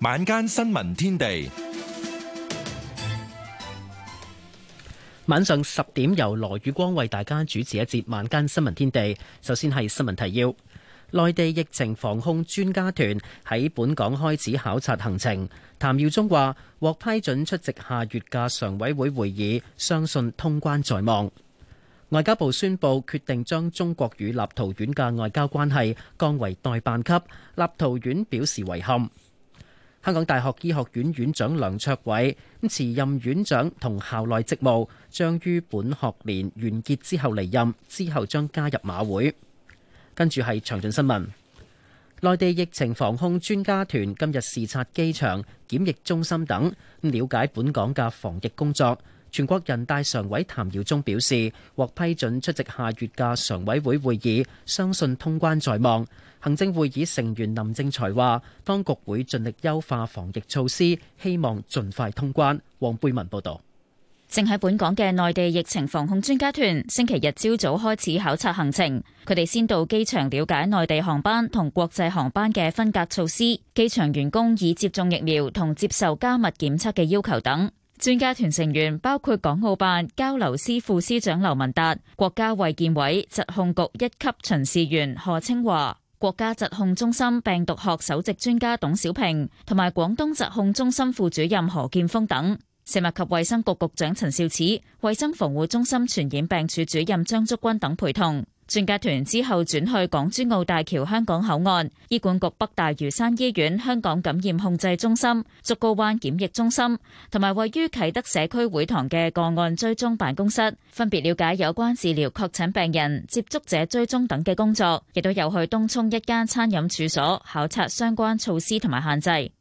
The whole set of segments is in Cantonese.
晚間新聞天地，晚上十點由羅宇光為大家主持一節晚間新聞天地。首先係新聞提要：內地疫情防控專家團喺本港開始考察行程。譚耀宗話獲批准出席下月嘅常委會會議，相信通關在望。外交部宣布決定將中國與立陶宛嘅外交關係降為代辦級，立陶宛表示遺憾。香港大學醫學院院長梁卓偉咁辭任院長同校內職務，將於本學年完結之後離任，之後將加入馬會。跟住係詳盡新聞，內地疫情防控專家團今日視察機場、檢疫中心等，了解本港嘅防疫工作。全國人大常委譚耀宗表示，獲批准出席下月嘅常委會會議，相信通關在望。行政會議成員林正財話，當局會盡力優化防疫措施，希望盡快通關。黃貝文報導。正喺本港嘅內地疫情防控專家團星期日朝早，早開始考察行程，佢哋先到機場了解內地航班同國際航班嘅分隔措施、機場員工已接種疫苗同接受加密檢測嘅要求等。專家團成員包括港澳辦交流司副司長劉文達、國家衛健委疾控局一級巡視員何清華、國家疾控中心病毒學首席專家董小平，同埋廣東疾控中心副主任何建峰等。食物及衛生局局長陳肇始、衞生防護中心傳染病處主任張竹君等陪同。專家團之後轉去港珠澳大橋香港口岸、醫管局北大嶼山醫院、香港感染控制中心、竹篙灣檢疫中心，同埋位於啟德社區會堂嘅個案追蹤辦公室，分別了解有關治療確診病人、接觸者追蹤等嘅工作，亦都有去東涌一間餐飲處所考察相關措施同埋限制。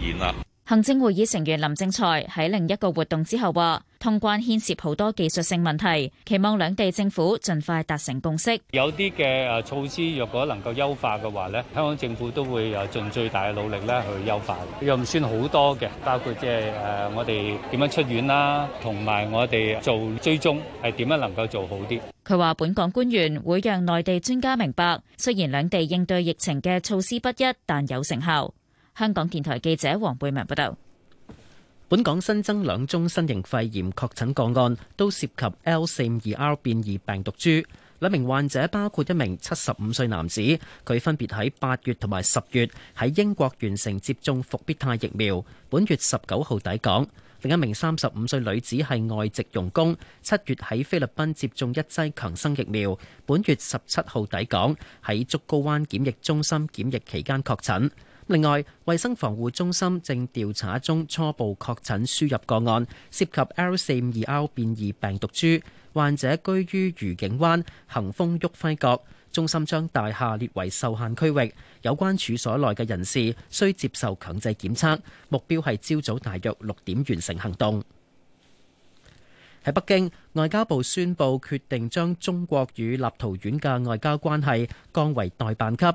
言啦，行政會議成員林正財喺另一個活動之後話，通關牽涉好多技術性問題，期望兩地政府盡快達成共識。有啲嘅誒措施，若果能夠優化嘅話呢，香港政府都會誒盡最大嘅努力咧去優化。又唔算好多嘅，包括即係誒我哋點樣出院啦，同埋我哋做追蹤係點樣能夠做好啲。佢話：本港官員會讓內地專家明白，雖然兩地應對疫情嘅措施不一，但有成效。香港電台記者王貝文報道，本港新增兩宗新型肺炎確診個案，都涉及 L452R 變異病毒株。兩名患者包括一名七十五歲男子，佢分別喺八月同埋十月喺英國完成接種復必泰疫苗，本月十九號抵港；另一名三十五歲女子係外籍傭工，七月喺菲律賓接種一劑強生疫苗，本月十七號抵港，喺竹篙灣檢疫中心檢疫期間確診。另外，衛生防護中心正調查中，初步確診輸入個案，涉及 L 四五二 R 變異病毒株，患者居於愉景灣恒豐旭輝閣。中心將大廈列為受限區域，有關處所內嘅人士需接受強制檢測，目標係朝早大約六點完成行動。喺北京，外交部宣布決定將中國與立陶宛嘅外交關係降為代辦級。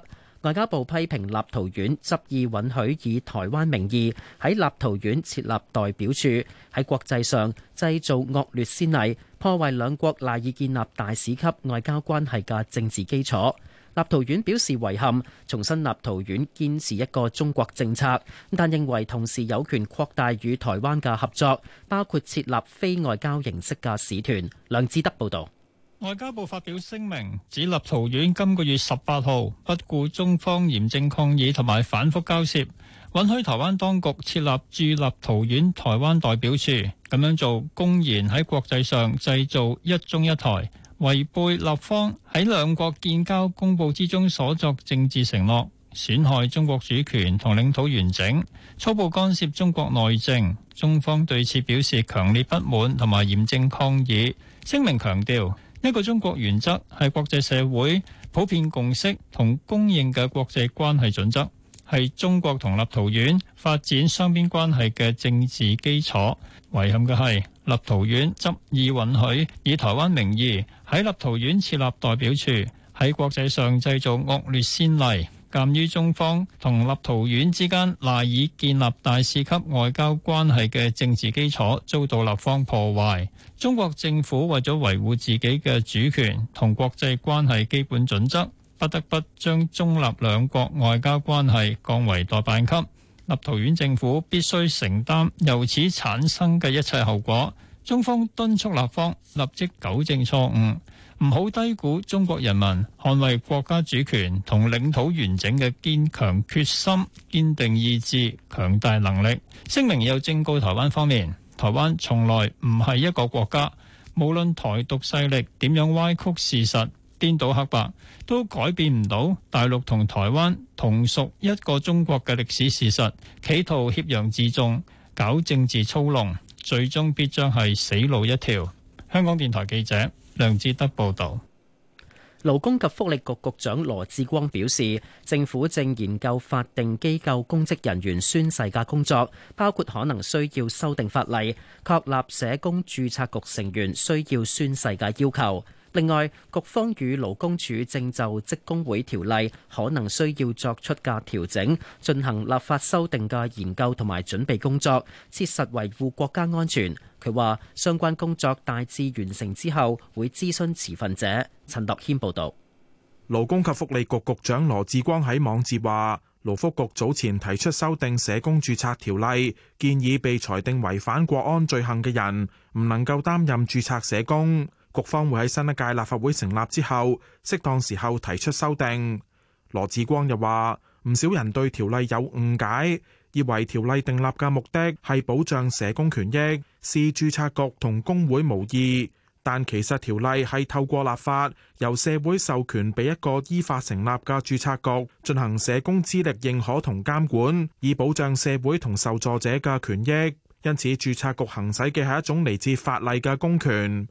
外交部批評立陶宛執意允許以台灣名義喺立陶宛設立代表處，喺國際上製造惡劣先例，破壞兩國賴以建立大使級外交關係嘅政治基礎，立陶宛表示遺憾，重申立陶宛堅持一個中國政策，但認為同時有權擴大與台灣嘅合作，包括設立非外交形式嘅使團。梁志德報道。外交部發表聲明，指立陶宛今個月十八號不顧中方嚴正抗議同埋反覆交涉，允許台灣當局設立駐立陶宛台灣代表處，咁樣做公然喺國際上製造一中一台，違背立方喺兩國建交公佈之中所作政治承諾，損害中國主權同領土完整，粗暴干涉中國內政。中方對此表示強烈不滿同埋嚴正抗議。聲明強調。一個中國原則係國際社會普遍共識同公認嘅國際關係準則，係中國同立陶宛發展雙邊關係嘅政治基礎。遺憾嘅係，立陶宛執意允許以台灣名義喺立陶宛設立代表處，喺國際上製造惡劣先例。鑒於中方同立陶宛之間賴以建立大使級外交關係嘅政治基礎遭到立方破壞，中國政府為咗維護自己嘅主權同國際關係基本準則，不得不將中立兩國外交關係降為代辦級。立陶宛政府必須承擔由此產生嘅一切後果。中方敦促立方立即糾正錯誤。唔好低估中國人民捍衛國家主權同領土完整嘅堅強決心、堅定意志、強大能力。聲明又正告台灣方面，台灣從來唔係一個國家，無論台獨勢力點樣歪曲事實，顛倒黑白，都改變唔到大陸同台灣同屬一個中國嘅歷史事實，企圖挾洋自重、搞政治操弄，最終必將係死路一條，香港電台記者。梁志德報道，勞工及福利局局長羅志光表示，政府正研究法定機構公職人員宣誓嘅工作，包括可能需要修訂法例，確立社工註冊局成員需要宣誓嘅要求。另外，局方與勞工處正就職工會條例可能需要作出嘅調整進行立法修訂嘅研究同埋準備工作，切實維護國家安全。佢話相關工作大致完成之後，會諮詢持份者。陳諾軒報導。勞工及福利局局，局長羅致光喺網誌話，勞福局早前提出修訂社工註冊條例，建議被裁定違反國安罪行嘅人唔能夠擔任註冊社工。局方會喺新一屆立法會成立之後適當時候提出修訂。羅志光又話，唔少人對條例有誤解，以為條例訂立嘅目的係保障社工權益，是註冊局同工會無意。但其實條例係透過立法由社會授權，俾一個依法成立嘅註冊局進行社工資歷認可同監管，以保障社會同受助者嘅權益。因此，註冊局行使嘅係一種嚟自法例嘅公權。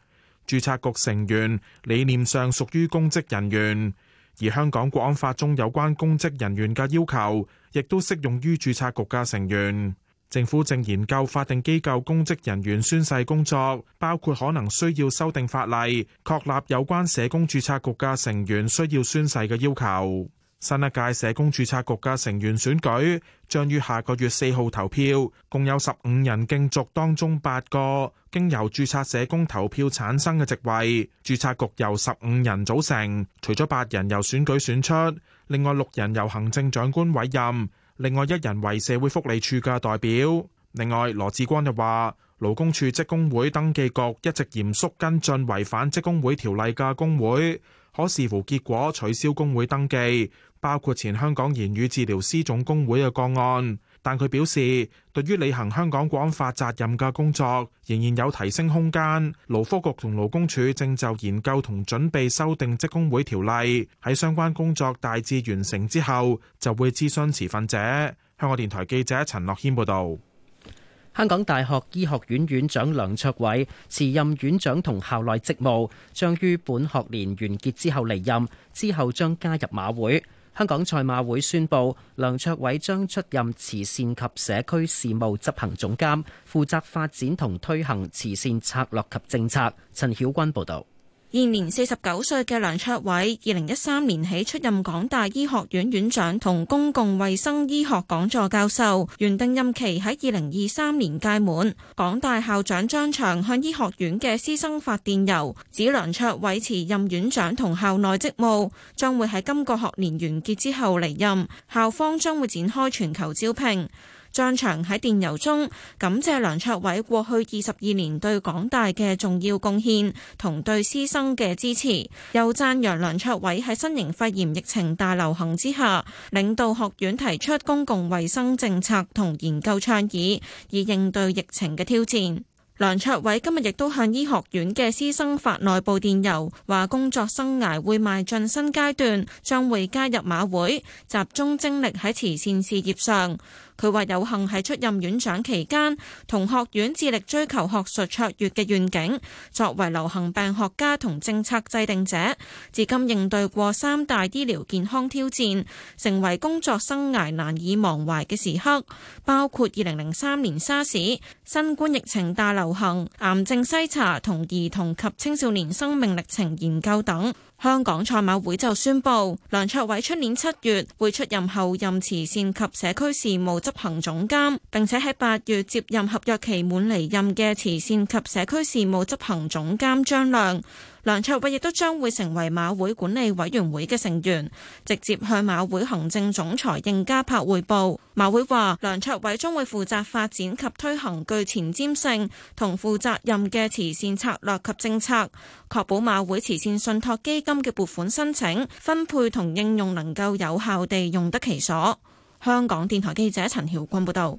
註冊局成員理念上屬於公職人員，而香港國安法中有關公職人員嘅要求，亦都適用於註冊局嘅成員。政府正研究法定機構公職人員宣誓工作，包括可能需要修訂法例，確立有關社工註冊局嘅成員需要宣誓嘅要求。新一屆社工註冊局嘅成員選舉將於下個月四號投票，共有十五人競逐當中八個經由註冊社工投票產生嘅席位。註冊局由十五人組成，除咗八人由選舉選出，另外六人由行政長官委任，另外一人為社會福利署嘅代表。另外，羅致光又話，勞工處職工會登記局一直嚴肅跟進違反職工會條例嘅工會，可視乎結果取消工會登記。包括前香港言語治療師總工會嘅個案，但佢表示，對於履行香港國安法責任嘅工作，仍然有提升空間。勞福局同勞工處正就研究同準備修訂職工會條例，喺相關工作大致完成之後，就會諮詢持份者。香港電台記者陳樂謙報道。香港大學醫學院院,院長梁卓偉辭任院長同校內職務，將於本學年完結之後離任，之後將加入馬會。香港賽馬會宣布，梁卓偉將出任慈善及社區事務執行總監，負責發展同推行慈善策略及政策。陳曉君報道。現年四十九歲嘅梁卓偉，二零一三年起出任港大醫學院院長同公共衛生醫學講座教授，原定任期喺二零二三年屆滿。港大校長張翔向醫學院嘅師生發電郵，指梁卓偉辭任院長同校內職務，將會喺今個學年完結之後離任，校方將會展開全球招聘。張翔喺電郵中感謝梁卓偉過去二十二年對港大嘅重要貢獻同對師生嘅支持，又讚揚梁卓偉喺新型肺炎疫情大流行之下領導學院提出公共衛生政策同研究倡議，以應對疫情嘅挑戰。梁卓偉今日亦都向醫學院嘅師生發內部電郵，話工作生涯會邁進新階段，將會加入馬會，集中精力喺慈善事業上。佢話有幸喺出任院長期間，同學院致力追求學術卓越嘅願景。作為流行病學家同政策制定者，至今應對過三大醫療健康挑戰，成為工作生涯難以忘懷嘅時刻，包括二零零三年沙士、新冠疫情大流行、癌症篩查同兒童及青少年生命歷程研究等。香港賽馬會就宣布，梁卓偉出年七月會出任後任慈善及社區事務執行總監，並且喺八月接任合約期滿離任嘅慈善及社區事務執行總監張亮。梁卓偉亦都將會成為馬會管理委員會嘅成員，直接向馬會行政總裁應家柏匯報。馬會話：梁卓偉將會負責發展及推行具前瞻性同負責任嘅慈善策略及政策，確保馬會慈善信託基金嘅撥款申請、分配同應用能夠有效地用得其所。香港電台記者陳曉君報導。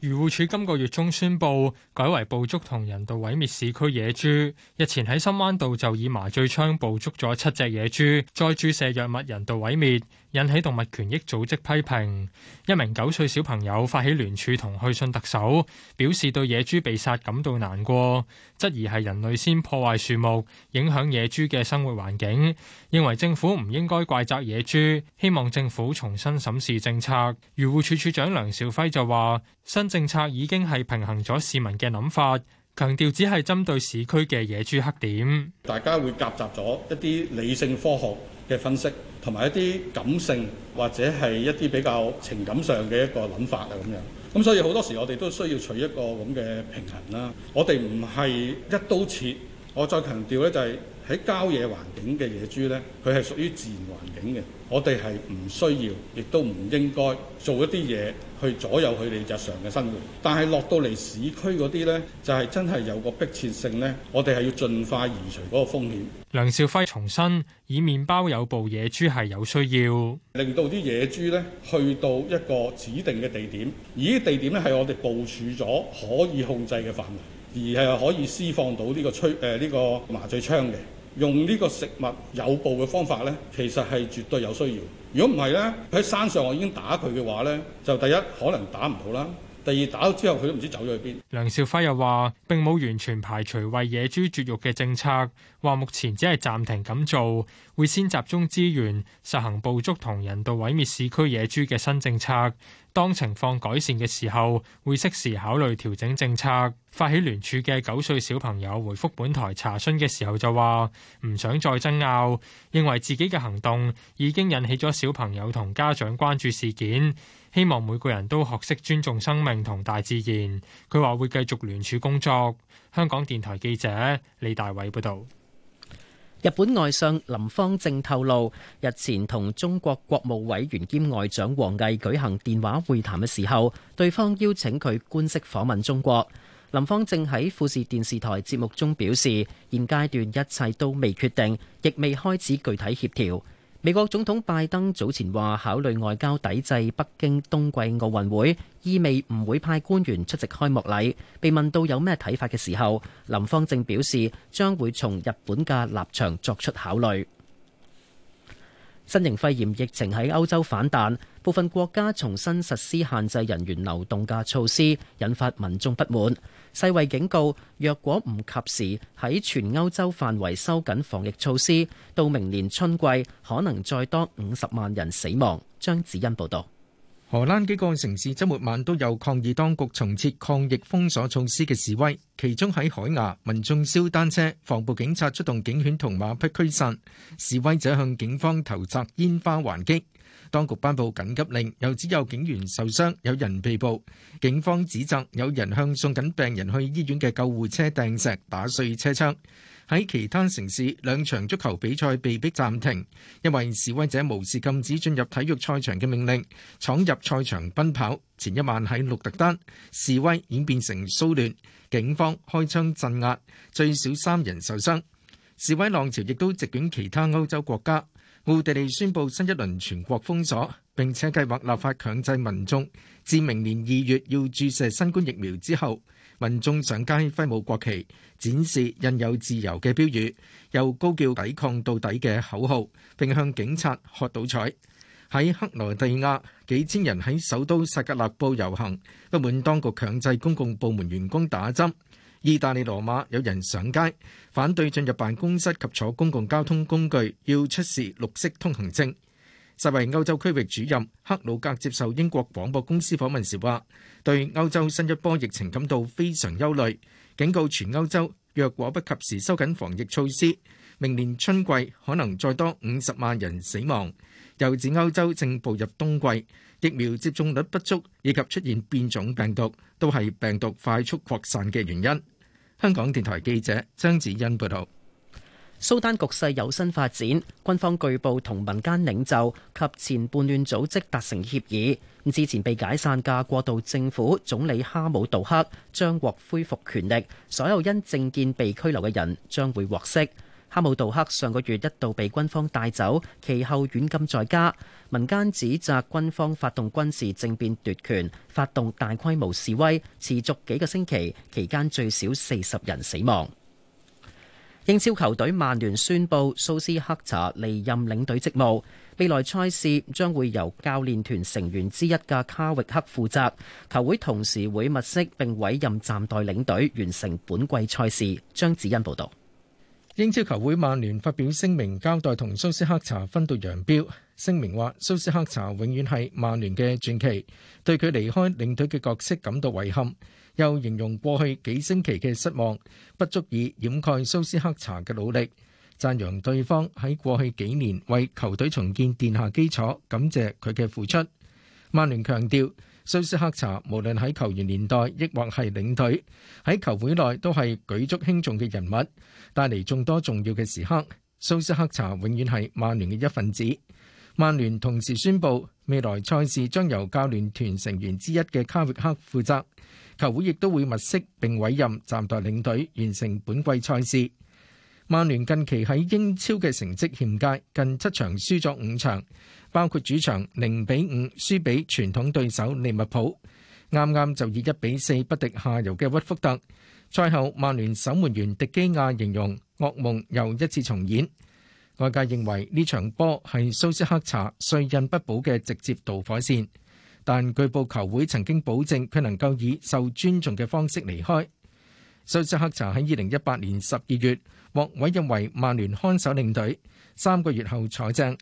漁護署今個月中宣布，改為捕捉同人道毀滅市區野豬。日前喺深灣道就以麻醉槍捕捉咗七隻野豬，再注射藥物人道毀滅。引起動物權益組織批評，一名九歲小朋友發起聯署同去信特首，表示對野豬被殺感到難過，質疑係人類先破壞樹木，影響野豬嘅生活環境，認為政府唔應該怪責野豬，希望政府重新審視政策。漁護署署長梁兆輝就話：新政策已經係平衡咗市民嘅諗法。強調只係針對市區嘅野豬黑點，大家會夾雜咗一啲理性科學嘅分析，同埋一啲感性或者係一啲比較情感上嘅一個諗法啊，咁樣。咁所以好多時我哋都需要取一個咁嘅平衡啦。我哋唔係一刀切。我再強調咧就係。喺郊野環境嘅野豬呢，佢係屬於自然環境嘅，我哋係唔需要，亦都唔應該做一啲嘢去左右佢哋日常嘅生活。但係落到嚟市區嗰啲呢，就係真係有個迫切性呢。我哋係要盡快移除嗰個風險。梁兆輝重申，以麪包有部野豬係有需要，令到啲野豬呢去到一個指定嘅地點，而啲地點呢，係我哋部署咗可以控制嘅範圍，而係可以施放到呢個吹誒呢個麻醉槍嘅。用呢個食物有報嘅方法呢，其實係絕對有需要。如果唔係呢，喺山上我已經打佢嘅話呢，就第一可能打唔到啦。第二打咗之後，佢都唔知走咗去邊。梁兆輝又話：並冇完全排除為野豬絕育嘅政策，話目前只係暫停咁做，會先集中資源實行捕捉同人道毀滅市區野豬嘅新政策。當情況改善嘅時候，會適時考慮調整政策。發起聯署嘅九歲小朋友回覆本台查詢嘅時候就話：唔想再爭拗，認為自己嘅行動已經引起咗小朋友同家長關注事件。希望每個人都學識尊重生命同大自然。佢話會繼續聯署工作。香港電台記者李大偉報道。日本外相林芳正透露，日前同中國國務委員兼外長王毅舉行電話會談嘅時候，對方邀請佢官式訪問中國。林芳正喺富士電視台節目中表示，現階段一切都未決定，亦未開始具體協調。美國總統拜登早前話考慮外交抵制北京冬季奧運會，意味唔會派官員出席開幕禮。被問到有咩睇法嘅時候，林芳正表示將會從日本嘅立場作出考慮。新型肺炎疫情喺歐洲反彈，部分國家重新實施限制人員流動嘅措施，引發民眾不滿。世衛警告，若果唔及時喺全歐洲範圍收緊防疫措施，到明年春季可能再多五十萬人死亡。張子欣報道。荷蘭幾個城市周末晚都有抗議當局重設抗疫封鎖措施嘅示威，其中喺海牙，民眾燒單車，防暴警察出動警犬同馬匹驅散示威者，向警方投擲煙花還擊。當局頒布緊急令，又指有警員受傷，有人被捕。警方指責有人向送緊病人去醫院嘅救護車掟石，打碎車窗。喺其他城市，兩場足球比賽被迫暫停，因為示威者無視禁止進入體育賽場嘅命令，闖入賽場奔跑。前一晚喺鹿特丹，示威演變成騷亂，警方開槍鎮壓，最少三人受傷。示威浪潮亦都席捲其他歐洲國家。奧地利宣布新一輪全國封鎖，並且計劃立法強制民眾自明年二月要注射新冠疫苗之後。民眾上街揮舞國旗，展示印有自由嘅標語，又高叫抵抗到底嘅口號，並向警察喝倒彩。喺克羅地亞，幾千人喺首都薩格勒布遊行，不滿當局強制公共部門員工打針。意大利羅馬有人上街反對進入辦公室及坐公共交通工具，要出示綠色通行證。作為世衛歐洲區域主任，克魯格接受英國廣播公司訪問時話，對歐洲新一波疫情感到非常憂慮，警告全歐洲若果不及時收緊防疫措施，明年春季可能再多五十萬人死亡。又指歐洲正步入冬季，疫苗接種率不足，以及出現變種病毒，都係病毒快速擴散嘅原因。香港電台記者張子欣報道。蘇丹局勢有新發展，軍方據報同民間領袖及前叛亂組織達成協議。之前被解散嘅過渡政府總理哈姆杜克將獲恢復權力，所有因政見被拘留嘅人將會獲釋。哈姆杜克上個月一度被軍方帶走，其後軟禁在家。民間指責軍方發動軍事政變奪權，發動大規模示威，持續幾個星期，期間最少四十人死亡。英超球隊曼聯宣布蘇斯克查離任領隊職務，未來賽事將會由教練團成員之一嘅卡域克負責，球會同時會物色並委任暫代領隊完成本季賽事。張子欣報道。英超球會曼聯發表聲明，交代同蘇斯克查分道揚鑣。聲明話：蘇斯克查永遠係曼聯嘅傳奇，對佢離開領隊嘅角色感到遺憾，又形容過去幾星期嘅失望不足以掩蓋蘇斯克查嘅努力，讚揚對方喺過去幾年為球隊重建奠下基礎，感謝佢嘅付出。曼聯強調，蘇斯克查無論喺球員年代，抑或係領隊喺球會內都係舉足輕重嘅人物，帶嚟眾多重要嘅時刻。蘇斯克查永遠係曼聯嘅一份子。曼聯同時宣布，未來賽事將由教練團成員之一嘅卡域克負責，球會亦都會物色並委任暫代領隊，完成本季賽事。曼聯近期喺英超嘅成績欠佳，近七場輸咗五場，包括主場零比五輸俾傳統對手利物浦，啱啱就以一比四不敵下游嘅屈福特。賽後，曼聯守門員迪基亞形容惡夢又一次重演。外界認為呢場波係蘇斯克查帥印不保嘅直接導火線，但據報球會曾經保證佢能夠以受尊重嘅方式離開。蘇斯克查喺二零一八年十二月獲委任為曼聯看守領隊，三個月後坐正。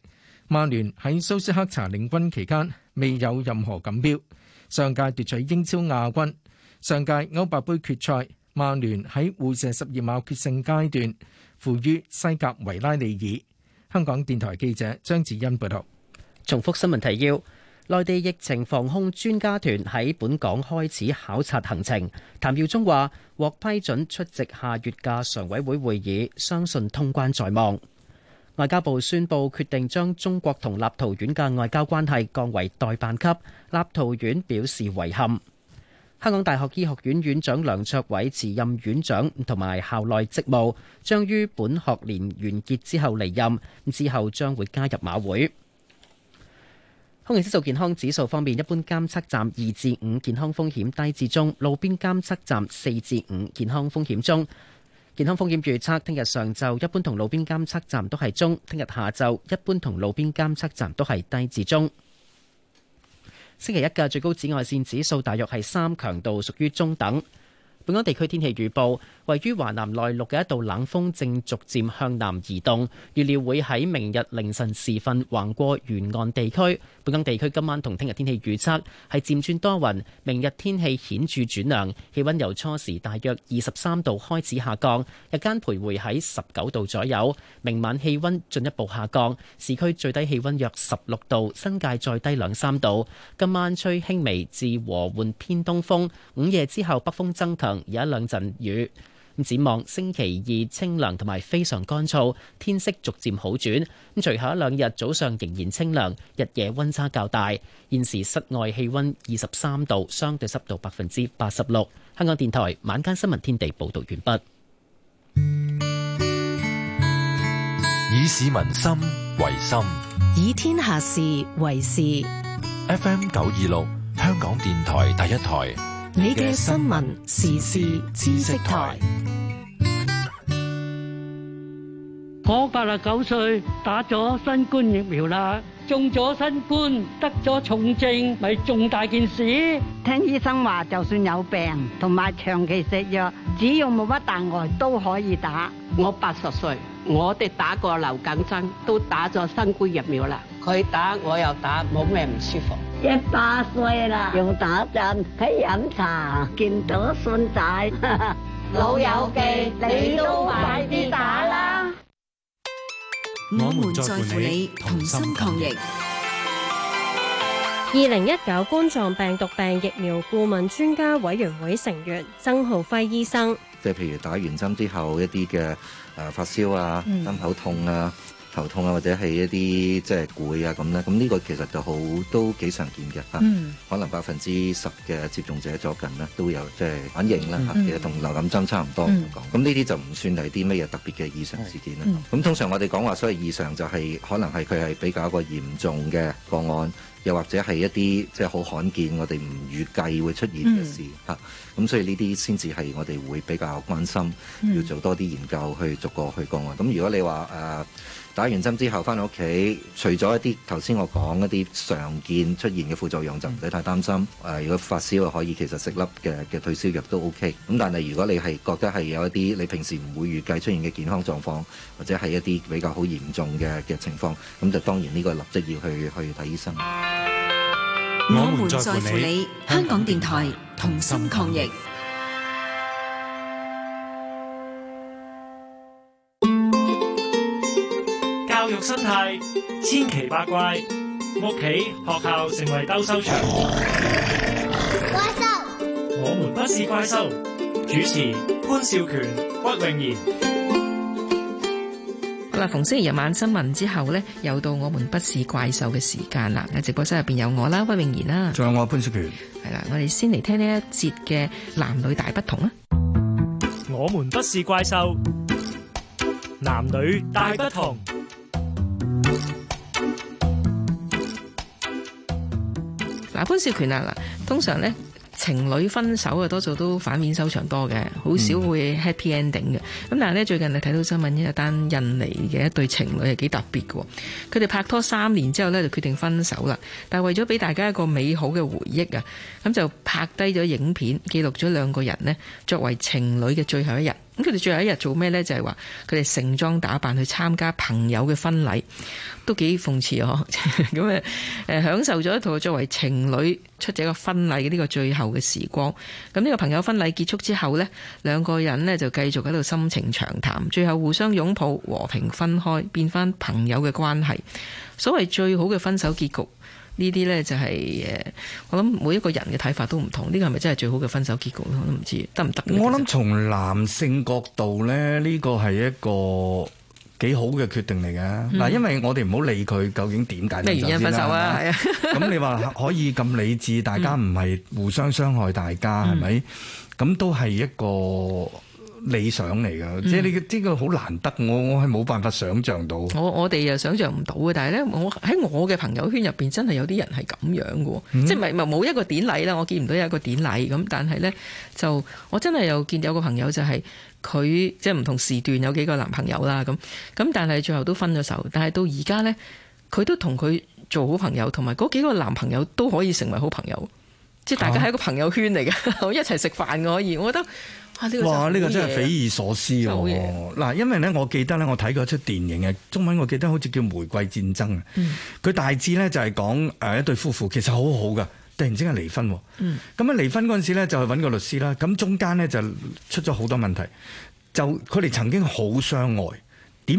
曼聯喺蘇斯克查領軍期間未有任何錦標。上屆奪取英超亞軍，上屆歐霸杯決賽，曼聯喺互射十二碼決勝階段負於西甲維拉利爾。香港電台記者張子欣報道。重複新聞提要。內地疫情防控專家團喺本港開始考察行程。譚耀宗話獲批准出席下月嘅常委會會議，相信通關在望。外交部宣布決定將中國同立陶宛嘅外交關係降為代辦級，立陶宛表示遺憾。香港大學醫學院院長梁卓偉辭任院長同埋校內職務，將於本學年完結之後離任，之後將會加入馬會。空氣質素健康指數方面，一般監測站二至五健康風險低至中，路邊監測站四至五健康風險中。健康風險預測：聽日上晝一般同路邊監測站都係中，聽日下晝一般同路邊監測站都係低至中。星期一嘅最高紫外線指數大約係三，強度屬於中等。本港地區天氣預報：位於華南內陸嘅一道冷鋒正逐漸向南移動，預料會喺明日凌晨時分橫過沿岸地區。本港地區今晚同聽日天氣預測係漸轉多雲，明日天氣顯著轉涼，氣温由初時大約二十三度開始下降，日間徘徊喺十九度左右，明晚氣温進一步下降，市區最低氣温約十六度，新界再低兩三度。今晚吹輕微至和緩偏東風，午夜之後北風增強。有一兩陣雨，展望星期二清涼同埋非常乾燥，天色逐漸好轉。咁隨後一兩日早上仍然清涼，日夜温差較大。現時室外氣温二十三度，相對濕度百分之八十六。香港電台晚間新聞天地報道完畢。以市民心為心，以天下事為事。FM 九二六，香港電台第一台。你嘅新聞時事知識台。我八十九歲，打咗新冠疫苗啦，中咗新冠，得咗重症，咪重大件事。聽醫生話，就算有病，同埋長期食藥，只要冇乜大礙，都可以打。我八十歲。我哋打過流感針，都打咗新冠疫苗啦。佢打，我又打，冇咩唔舒服。一百歲啦，用打針，喺飲茶，見到孫仔。老友記，你都快啲打啦！我們在乎你，同心抗疫。二零一九冠狀病毒病疫苗顧問專家委員會成員曾浩輝醫生。即係譬如打完針之後，一啲嘅誒發燒啊、心口痛啊。嗯頭痛啊，或者係一啲即係攰啊咁咧，咁呢個其實就好都幾常見嘅嚇。可能百分之十嘅接種者最近咧都有即係反應啦。其實同流感針差唔多咁講。咁呢啲就唔算係啲咩嘢特別嘅異常事件啦。咁通常我哋講話，所謂異常就係可能係佢係比較一個嚴重嘅個案，又或者係一啲即係好罕見，我哋唔預計會出現嘅事嚇。咁所以呢啲先至係我哋會比較關心，要做多啲研究去逐個去個案。咁如果你話誒。打完針之後返到屋企，除咗一啲頭先我講一啲常見出現嘅副作用，就唔使太擔心。誒、呃，如果發燒可以其實食粒嘅嘅退燒藥都 OK。咁但係如果你係覺得係有一啲你平時唔會預計出現嘅健康狀況，或者係一啲比較好嚴重嘅嘅情況，咁就當然呢個立即要去去睇醫生。我們在乎你，香港電台同心抗疫。生態千奇百怪，屋企學校成為鬥獸場。怪獸，我們不是怪獸。主持潘少權、屈穎妍。好啦，逢星期日晚新聞之後咧，又到我們不是怪獸嘅時間啦。喺直播室入邊有我啦，屈穎妍啦，仲有我潘少權。係啦，我哋先嚟聽呢一節嘅男女大不同啦。我們不是怪獸，男女大不同。嗱、啊、潘少權啊嗱，通常呢情侶分手啊，多數都反面收場多嘅，好少會 happy ending 嘅。咁但係呢最近你睇到新聞，有一單印尼嘅一對情侶係幾特別嘅，佢哋拍拖三年之後呢，就決定分手啦。但係為咗俾大家一個美好嘅回憶啊，咁就拍低咗影片，記錄咗兩個人呢作為情侶嘅最後一日。咁佢哋最後一日做咩呢？就係話佢哋盛裝打扮去參加朋友嘅婚禮，都幾諷刺嗬。咁啊，誒， 享受咗一套作為情侶出席個婚禮嘅呢個最後嘅時光。咁呢個朋友婚禮結束之後呢，兩個人呢就繼續喺度深情長談，最後互相擁抱，和平分開，變翻朋友嘅關係。所謂最好嘅分手結局。呢啲呢就係，是，誒，我諗每一個人嘅睇法都唔同，呢個係咪真係最好嘅分手結果？咧？我都唔知得唔得。行行我諗從男性角度呢，呢個係一個幾好嘅決定嚟嘅。嗱，嗯、因為我哋唔好理佢究竟點解原因分手先，啊、啦。咁吧 你話可以咁理智，大家唔係互相傷害，大家係咪？咁，嗯、都係一個理想嚟嘅，即係呢個，呢個好難得我。我我係冇辦法想象到我。我我哋又想象唔到嘅。但係呢，我喺我嘅朋友圈入邊，真係有啲人係咁樣嘅，即係冇一個典禮啦。我見唔到有一個典禮咁，但係呢，就我真係又見有個朋友就係佢即係唔同時段有幾個男朋友啦，咁咁，但係最後都分咗手。但係到而家呢，佢都同佢做好朋友，同埋嗰幾個男朋友都可以成為好朋友。即係大家喺一個朋友圈嚟嘅，啊、 一齊食飯可以，我覺得。哇！呢個真係匪夷所思喎。嗱，因為咧，我記得咧，我睇過一出電影嘅，中文我記得好似叫《玫瑰戰爭》啊。嗯。佢大致咧就係講誒一對夫婦，其實好好噶，突然之間離婚。嗯。咁啊，離婚嗰陣時咧就去揾個律師啦。咁中間咧就出咗好多問題，就佢哋曾經好相愛。